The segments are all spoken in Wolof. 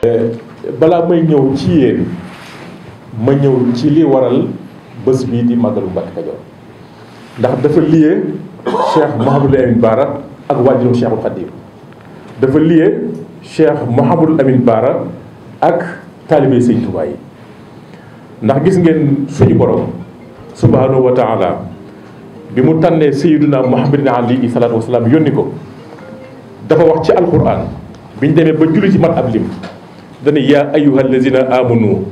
Euh, balaa may ñëw ci yéen ma ñëw ci li waral bés bii di màggalu Mbacke Kajoor ndax dafa lié Cheikh Mouhamadul Amine Bara ak waajuram Cheikhul Khadim dafa lié Cheikh Mouhamadul Amine Bara ak taalibe Sëñ yi ndax gis ngeen suñu borom subhanahu wa taala bi mu tànnee sayyiduna Muhammadin alayhi salaatu wasalaam yónni ko dafa wax ci alquran biñ demee ba julli ci mat ab lim dana yaa ayyuha allazina amanu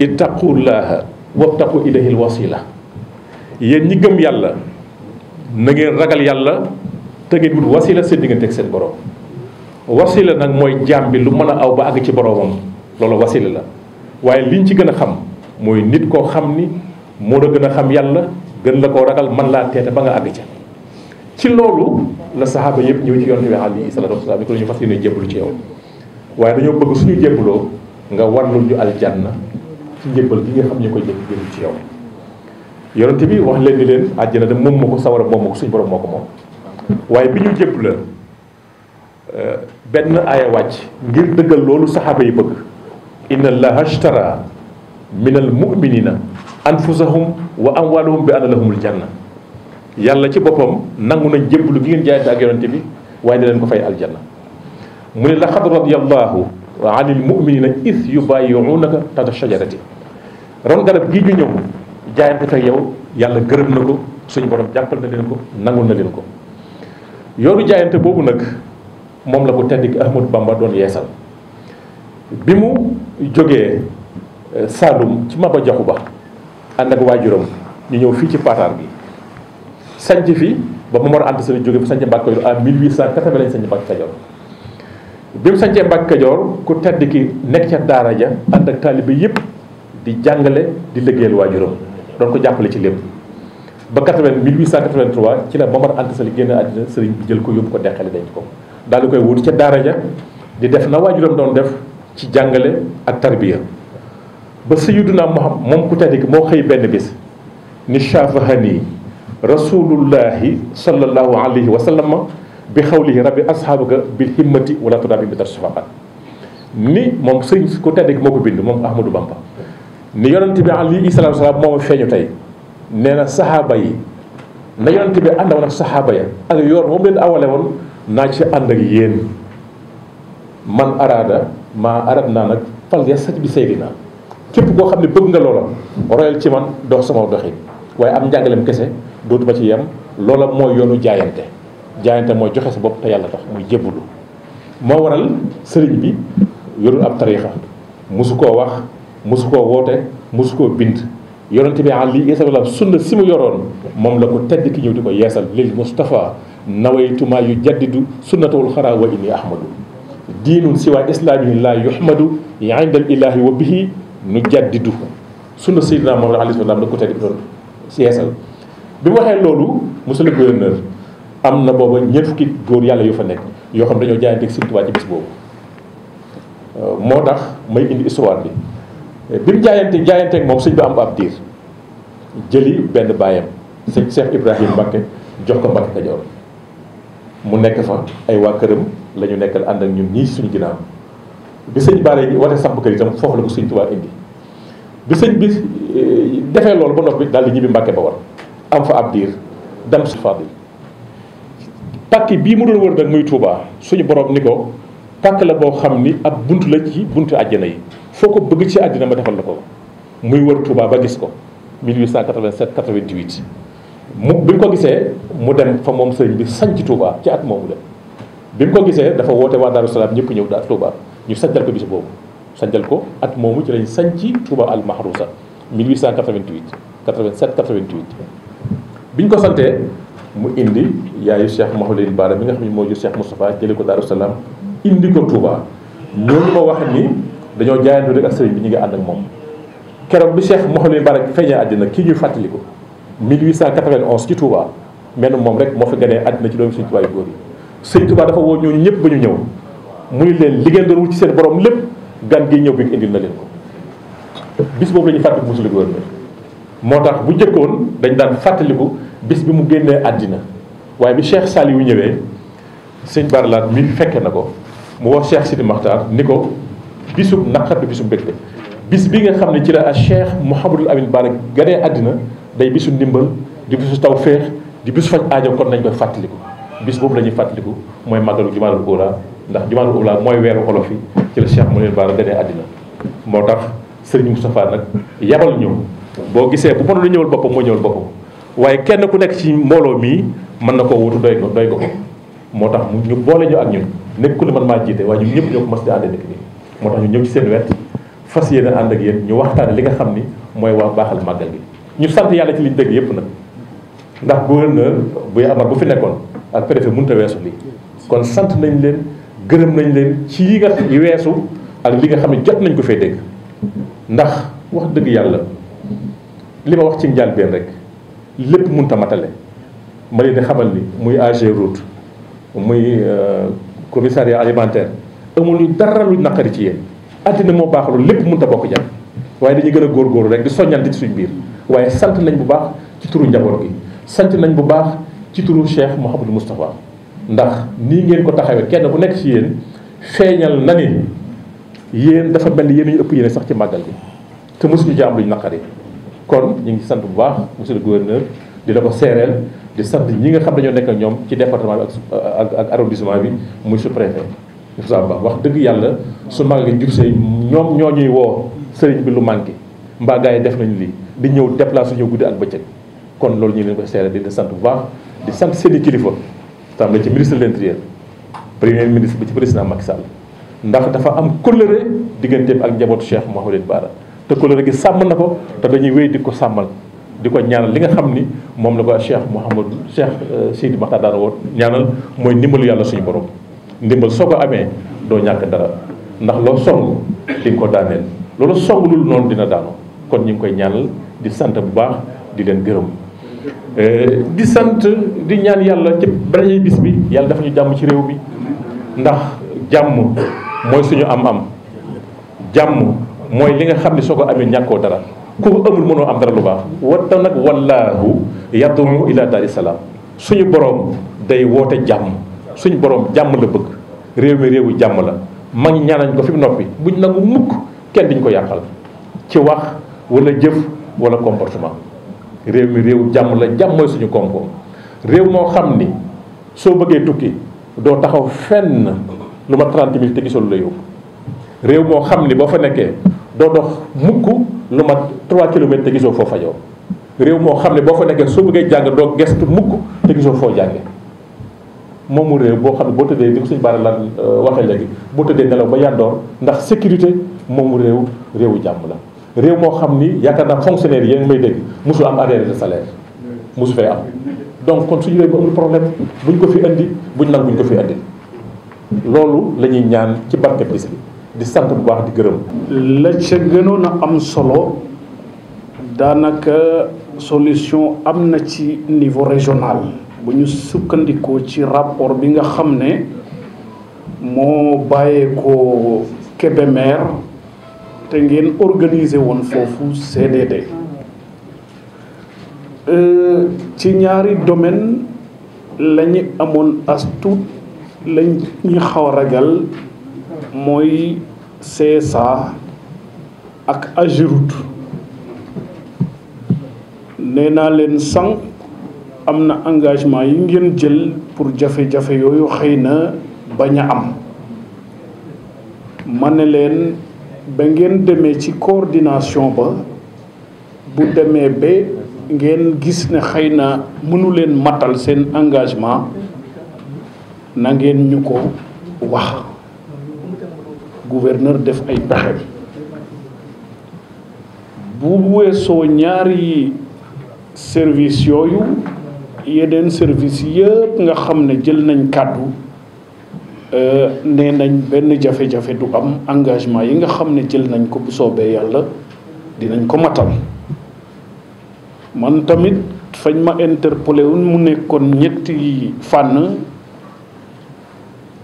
ittaqullaha wabtaqu ilayhil wasila yéen ñi gëm yàlla na ngeen ragal yàlla te bul wut wasila seen diggante ak seen borom wasila nag mooy jaam bi lu mën a aw ba àgg ci boromam loolu wasila la waaye liñ ci gën a xam mooy nit koo xam ni moo la gën a xam yàlla gën la koo ragal man laa teete ba nga àgg ca ci loolu la saxaaba yëpp ñëw ci yonent bi alayhi salaatu wasalaam ko ñu fas yéene jébbalu ci yow waaye dañoo bëgg suñu jébbaloo nga warlu ñu aljanna ci njébbal gi nga xam ñu ko jëf jëm ci yow yonent bi wax leen ni leen àjjana dem moom moo ko sawara moom moo ko suñu borom moo ko moom waaye bi ñu jépp la euh, benn aaya wàcc ngir dëggal loolu saxaaba yi bëgg inna allaha ashtara min al muminina anfusahum wa amwaalahum bi anna lahumul janna yàlla ci boppam nangu na jébbalu gi ngeen jaayante ak yonent bi waaye di leen ko fay aljanna mu ne laqad radiyallahu anil muminina is yubayiunaka tata shajarati ron garab gii ñu ñëw jaayante teg yow yàlla gërëb na ko suñu borom jàppal na leen ko nangul na leen ko yoonu jaayante boobu nag moom la ko tedd ki Ahmadu Bamba doon yeesal bi mu jógee eh, Saalum ci Maba Jaxu Ba ànd ak waajuram ñu ñëw fii ci Pataar bi sanc fi ba Momar Anta Sali jóge fi sanc Mbàkke Kajoor en 1880 lañ sanc Mbàkke Kajoor bi mu sañcee Mbàkke Kajoor ku tedd ki nekk ca daara ja ànd ak taalibe yëpp di jàngale di liggéeyal waajuram doon ko jàppale ci lépp ba 80 1883 ci la Momar Anta Sali génn àddina sëriñ bi jël ko yóbbu ko deqale denc ko daal koy wutu ca daara ja di def na waajuram doon def ci jàngale ak tarbiya ba sayyiduna Muhammad moom ku tedd ki moo xëy benn bis ni shafahani rasulullahi sallallahu alayhi wa bi xawlihi rabbi asxaabuka bil himmati wala tudaabi bi tarsufaqat ni moom sëñ ku tedd gi moo ko bind moom Ahmadou Bamba ni yonent bi alayhi salaatu salaam moom feeñu tey nee na saxaaba yi na yonent bi àndawoon ak saxaaba ya ak yoon moom leen awale woon naa ci ànd ak yéen man araada maa arad naa nag fal ya saj bi seydina képp koo xam ne bëgg nga loola royal ci man dox sama doxin waaye am njàngaleem kese dootuma ci yem loola moo yoonu jaayante jaayante mooy joxe sa bopp te yàlla tax muy jébbalu moo waral sëriñ bi yorul ab tariixa mosu koo wax mosu koo woote mosu koo bind yonente bi alayhi salaam sunna si mu yoroon moom la ko tedd ki ñëw di ko yeesal lil Mustafa nawaytuma yu jaddidu sunnatawul xaraa wa inni ahmadu diinun siwa islaamin laa yuhmadu indal ilaahi wa bihi nu jaddidu sunna sayyidina Muhammad alayhi salaam la ko tedd ki doon yeesal bi mu waxee loolu monsieur le gouverneur am na booba ñeent fukki góor yàlla yu fa nekk yoo xam dañoo jaayanteeg Sëriñ Tuubaa ci bis boobu euh, moo tax may indi histoire bi bi mu jaayante jaayanteeg moom sëñ bi am ab diir jëli benn baayam sëñ Cheikh Ibrahim Mbakke jox ko Mbakke Kajoor mu nekk fa ay waa këram lañu ñu nekkal ànd ak ñun ñii suñu ginnaaw bi sëñ Baare yi wate samp kër itam foofu la ko Sëriñ Tuubaa indi bi sëñ bi euh, defee loolu ba noppi daal di ñibbi Mbakke ba war am fa ab diir dem si Fadil pàkk bii mu doon wër nag muy Touba suñu boroom ni ko pàkk la boo xam ni ak bunt la ci buntu àjjana yi foo ko bëgg ci àddina ma defal na ko muy wër Touba ba gis ko 1887 88 mu bi mu ko gisee mu dem fa moom sëriñ bi sanc Touba ci at moomu dem bi mu ko gisee dafa woote waa Daaru Salaam ñëpp ñëw daal Touba ñu sanjal ko bis boobu sanjal ko at moomu ci lañ sanc Touba al Mahrousa 1888 87 bi ñu ko santee mu indi yaayu Cheikh Mahoudine Bara mi nga xam ne moo jur Cheikh Moustapha jëlee ko Daaru Salaam indi ko Touba ñooñu ma wax ni dañoo jaayante rek ak sëriñ bi ñu ngi ànd ak moom keroog bi Cheikh Mahoudine Bara feeñee àddina kii ñuy fàttaliku 1891 ci Touba menn moom rek moo fi ganee àddina ci doomu sëñ Touba yu góor yi sëñ Touba dafa woo ñooñu ñëpp ba ñu ñëw mu ni leen li ngeen doon wut ci seen borom lépp gan gi ñëw bi indil na leen ko bis boobu la ñuy fàttaliku mosul góor moo tax bu njëkkoon dañ daan fàttaliku bis bi mu génnee àddina waaye bi Cheikh Saliou ñëwee sëñ Barlaat mi fekke na ko mu wax Cheikh Sidi Maxtaar ni ko bisub naqar bi bisub mbégte bis bi nga xam ne ci la ak Cheikh Mouhamadul Amin Bara ganee àddina day bisu ndimbal di bisu taw féex di bisu faj aajo kon nañ koy fàttaliku bis boobu la ñuy fàttaliku mooy màggalu Jumaadul Uulaa ndax Jumaadul Uulaa mooy weeru xolof yi ci la Cheikh Mouhamadul Amin Bara ganee àddina moo tax Serigne Moustapha nag yabal ñëw boo gisee bu mënul ñëwal boppam moo ñëwal boppam waaye kenn ku nekk ci mbooloo mii mën na koo wutu doy ko doy ko moo tax ñu boole ñu ak ñu nekk ku ne man maa jiite waaye ñun ñëpp ñoo ko mas si ànd nekk moo tax ñu ñëw ci seen wet fas yéene ànd ak yéen ñu waxtaane li nga xam ni mooy waa baaxal màggal gi ñu sant yàlla ci liñ dégg yëpp nag ndax gouverneur buy amar bu fi nekkoon ak préfet mënut a weesu lii kon sant nañ leen gërëm nañ leen ci yi nga weesu ak li nga xam ne jot nañ ko fee dégg ndax wax dëgg yàlla li ma wax ci njàlbeen rek lépp mun tamatale matale ma leen di xamal ni muy age route muy euh, commissariat alimentaire amul ñu dara lu naqari ci yéen àddina moo baaxul lépp mun ta bokk jàpp waaye dañuy gën a góorgóorlu rek di soññante ci suñ biir waaye sant nañ bu baax ci turu njaboot gi sant nañ bu baax ci turu Cheikh Mouhamadou Moustapha ndax nii ngeen ko taxawee kenn ku nekk ci yéen feeñal na ni yéen dafa mel ni yéen ñu ëpp yéen sax ci màggal gi te mosuñu jaam luñ naqari kon ñu ngi sant bu baax monsieur le gouverneur di la ko seereel di sant ñi nga xam dañoo nekk ak ñoom ci département bi ak ak arrondissement bi muy sous-préfet Moussa wax dëgg yàlla su mag gi jubsee ñoom ñoo ñuy woo sëriñ bi lu manqué mbaa yi def nañu lii di ñëw déplacé ñëw guddi ak bëccëg kon loolu ñu leen ko seereel di la sant bu baax di sant seen i kilifa tàmbale ci ministre de l'intérieur premier ministre bi ci président Macky Sall ndax dafa am kóllëre digganteem ak njabootu Cheikh Mouhamadou Bara te kóllëre gi sàmm na ko te dañuy wéy di ko sàmmal di ko ñaanal li nga xam ni moom la ko Cheikh Mouhamadou Cheikh euh, Seydi Makhtar daan woon ñaanal mooy ndimbalu yàlla suñu borom ndimbal soo ko amee doo ñàkk dara ndax loo song di nga ko daaneel loolu song lul noonu dina daanu kon ñu ngi koy ñaanal di sant bu baax di leen gërëm euh, di sant di ñaan yàlla ci beneen bis bi yàlla dafa ñu jàmm ci réew mi ndax jàmm mooy suñu am-am jàmm. mooy li nga xam ne soo ko amee ñàkkoo dara ku ko amul mënoo am dara lu baax wata nag wallaahu yadru ila daari salaam suñu boroom day woote jàmm suñu borom jàmm la bëgg réew mi réewu jàmm la ma ngi ko fi noppi buñ nangu mukk kenn diñ ko yàqal ci wax wala jëf wala comportement réew mi réewu jàmm la jàmm mooy suñu koom-koom réew moo xam ni soo bëggee tukki doo taxaw fenn lu ma 30 000 te gisoo lu la yóbbu réew moo xam ni boo fa nekkee doo dox mukk lu mat 3 kilomètres te gisoo foo fajoo réew moo xam ne boo fa nekkee soo bëggee jàng doo gestu mukk te gisoo foo jànge moomu réew boo xam ne boo tëddee di ko suñu baara la euh, waxee léegi boo tëddee nelaw ba yàndoor ndax sécurité moomu réew réewu jàmm la réew moo xam ni yaakaar naa fonctionnaire yi ngi may dégg mosu am arriéré de salaire mosu fee am donc kon suñu réew bu amul problème buñ ko fi indi buñ nag buñ ko fi indi loolu la ñuy ñaan ci barke bis di sant bu baax di gërëm. la ca gënoon a am solo daanaka solution am na ci niveau régional bu ñu sukkandikoo ci rapport bi nga xam ne moo bàyyeekoo Kébémer te ngeen organiser woon foofu CDD euh, ci ñaari domaine la amoon as tuut lañ ñu xaw a ragal. mooy CSA ak Ageroute nee naa leen sànq am na engagement yi ngeen jël pour jafe-jafe yooyu xëy na bañ a am ma ne leen ba ngeen demee ci coordination ba bu demee ba ngeen gis ne xëy na mënu leen matal seen engagement nangeen ñu ko wax gouverneur def ay pexe bu weesoo ñaari service yooyu yeneen service yëpp nga xam ne jël nañ kàddu euh, nee nañ benn jafe-jafe du am engagement yi nga xam ne jël nañ ko bu soobee yàlla dinañ ko matal man tamit fañ ma interpellé woon mu nekkoon ñetti fànn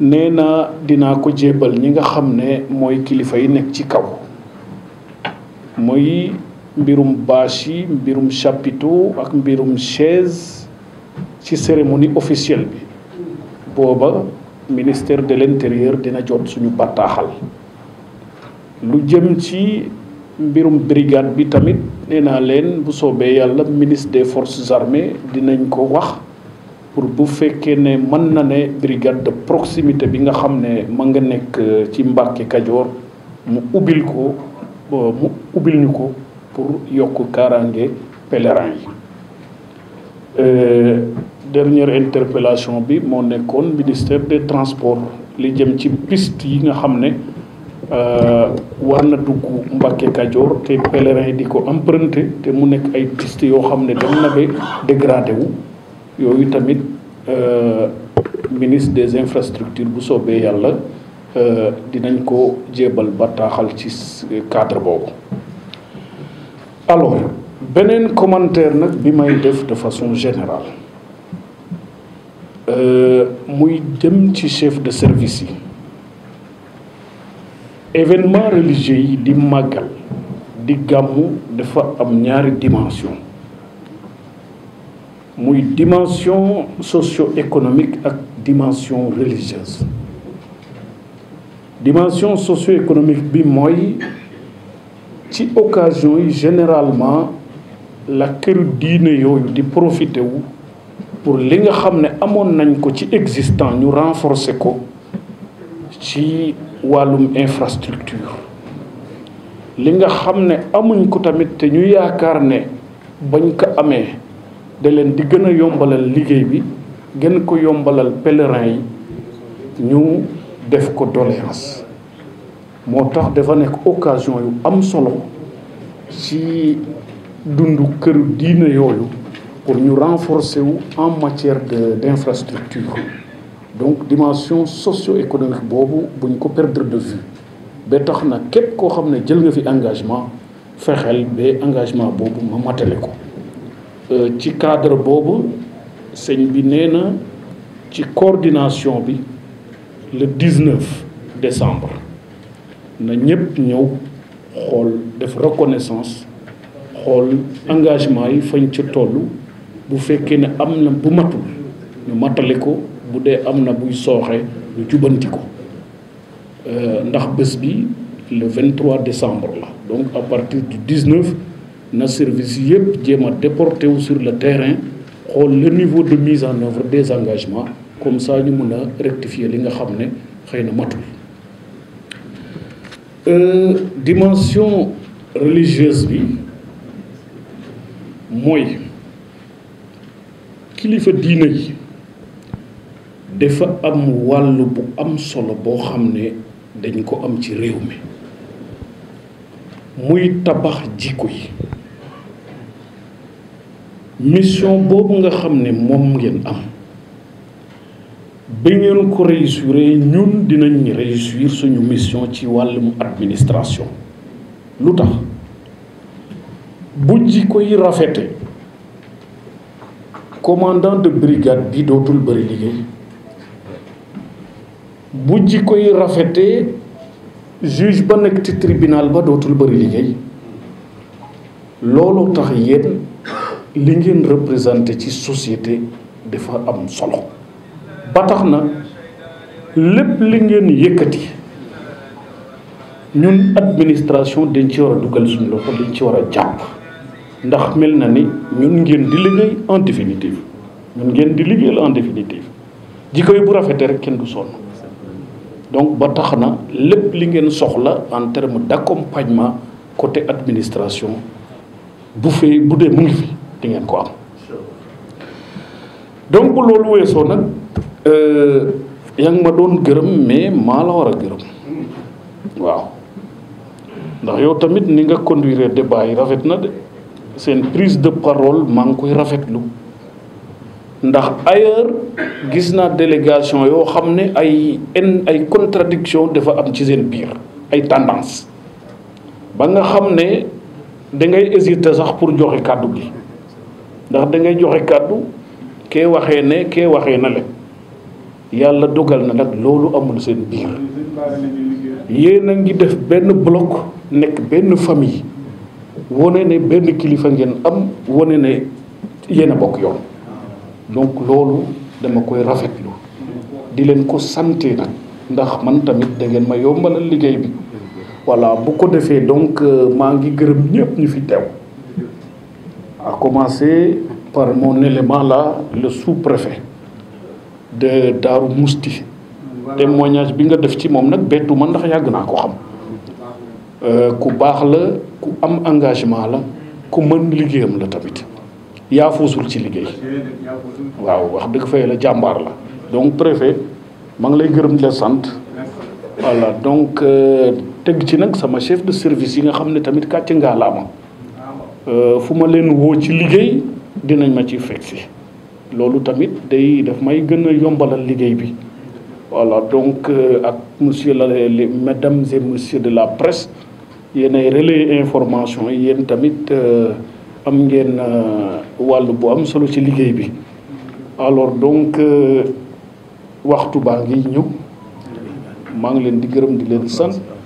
nee na dinaa ko jébbal ñi nga xam ne mooy kilifa yi nekk ci kaw mooy mbirum bâche mbirum chapiteau ak mbirum chaise ci cérémonie officielle bi booba ministère de l'intérieur dina jot suñu bataaxal lu jëm ci mbirum brigade bi tamit nee naa leen bu soobee yàlla ministre des forces armées dinañ ko wax pour bu fekkee ne mën na ne brigade de proximité bi nga xam ne ma nga nekk euh, ci Mbàkke Kajoor mu ubbil ko euh, mu ubbil ñu ko pour yokk kaaraange pèlerin yi euh, dernière interpellation bi moo nekkoon ministère de transport li jëm ci piste yi nga xam ne war na dugg Mbàkke Kajoor te pèlerin yi di ko emprunté te mu nekk ay piste yoo xam ne dem na ba dégradé yooyu tamit euh, ministre des infrastructures bu soobee yàlla euh, dinañ ko jébal bataaxal ci cadre boobu alors beneen commentaire nag bi may def de façon générale euh, muy jëm ci chef de service yi événement religieux yi di màggal di gàmmu dafa am ñaari dimension muy dimension socio-économique ak dimension religieuse dimension socio-économique bi mooy ci occasion yi généralement la këru diine yooyu di profité wu pour li nga xam ne amoon nañ ko ci existant ñu renforcer ko ci wàllum infrastructure li nga xam ne amuñ ko tamit te ñu yaakaar ne bañ ko amee da leen di gën a yombalal liggéey bi gën ko yombalal pèlerin yi ñu def ko doléance moo tax dafa nekk occasion yu am solo ci dundu kër diine yooyu pour ñu renforcer wu en matière de d'infrastructure donc dimension socio-économique boobu buñ ñu ko perdre de vue ba tax na képp koo xam ne jël nga fi engagement fexeel ba engagement boobu ma matale ko Euh, ci cadre boobu sëñ bi nee na ci coordination bi le 19 décembre na ñëpp ñëw xool def reconnaissance xool engagement yi fañ ca toll bu fekkee ne am na bu matul ñu matale ko bu dee am na buy sooxe ñu jubanti ko euh, ndax bés bi le 23 décembre la donc à partir du 19 na service yëpp jéema a déporté wu sur le terrain xool le niveau de mise en œuvre des engagements comme ça ñu mun a rectifier li nga xam ne xëy na matul euh, dimension religieuse bi mooy kilifa diina yi dafa am wàll bu am solo boo xam ne dañ ko am ci réew mi muy tabax jikko yi mission boobu nga xam ne moom ngeen am ba ngeen ko réussir ñun dinañ réussir suñu mission ci wàllum administration lu tax bu ji koy rafete commandant de brigade bi dootul bëri liggéey bu ji koy rafete juge ba nekk ci tribunal ba dootul bari liggéey looloo tax yéen li ngeen représenté ci société dafa am solo ba tax na lépp li ngeen yëkkati ñun administration dañ ci war a dugal suñu loxo dañ ci war a jàpp ndax mel na ni ñun ngeen di liggéey en définitive ñun ngeen di liggéeyal en définitive jikko yi bu rafete rek kenn du sonn donc ba tax na lépp li ngeen soxla en terme d' accompagnement côté administration bu fee bu dee mu ngi dingeen ko am donc bu loolu weesoo nag euh, yaa ngi ma doon gërëm mais maa la war a gërëm hmm. waaw ndax yow tamit ni nga conduire débat yi rafet na de seen prise de parole maa ngi koy rafetlu ndax ailleurs gis naa délégation yoo xam ne ay en ay contradiction dafa am ci seen biir ay tendance ba nga xam ne dangay ngay sax pour joxe kàddu gi ndax dangay joxe kàddu kee waxee ne kee waxee na le yàlla dogal na nag loolu amul seen biir yéen a ngi def benn bloc nekk benn famille wane ne benn kilifa ngeen am wane ne yéen a bokk yoon donc loolu dama koy rafetlu di leen ko sante nag ndax man tamit da ngeen ma yombalal liggéey bi voilà bu ko defee donc euh, maa ngi gërëm ñëpp ñu fi teew à commencer par mon élément la le sous-préfet de Daaru Musti témoignage bi nga def ci moom nag bettu ma ndax yàgg naa ko xam euh, ku baax la ku am engagement la ku mën liggéeyam la tamit yaa foosul ci liggéey waaw wax dëgg fay la jàmbaar la donc préfet ma ngi lay gërëm la sant voilà donc euh, teg ci nag sama chef de service yi nga xam ne tamit kàcce ngaa la ama Euh, fu ma leen woo ci liggéey dinañ ma ci fekk si loolu tamit day daf may gën a yombalal liggéey bi voilà donc euh, ak monsieur la mesdames et messieurs de la presse yéen ay relais information yi yéen tamit euh, am ngeen wàll bu am solo ci liggéey bi alors donc waxtu baa ngi ñëw maa ngi leen di gërëm di leen sant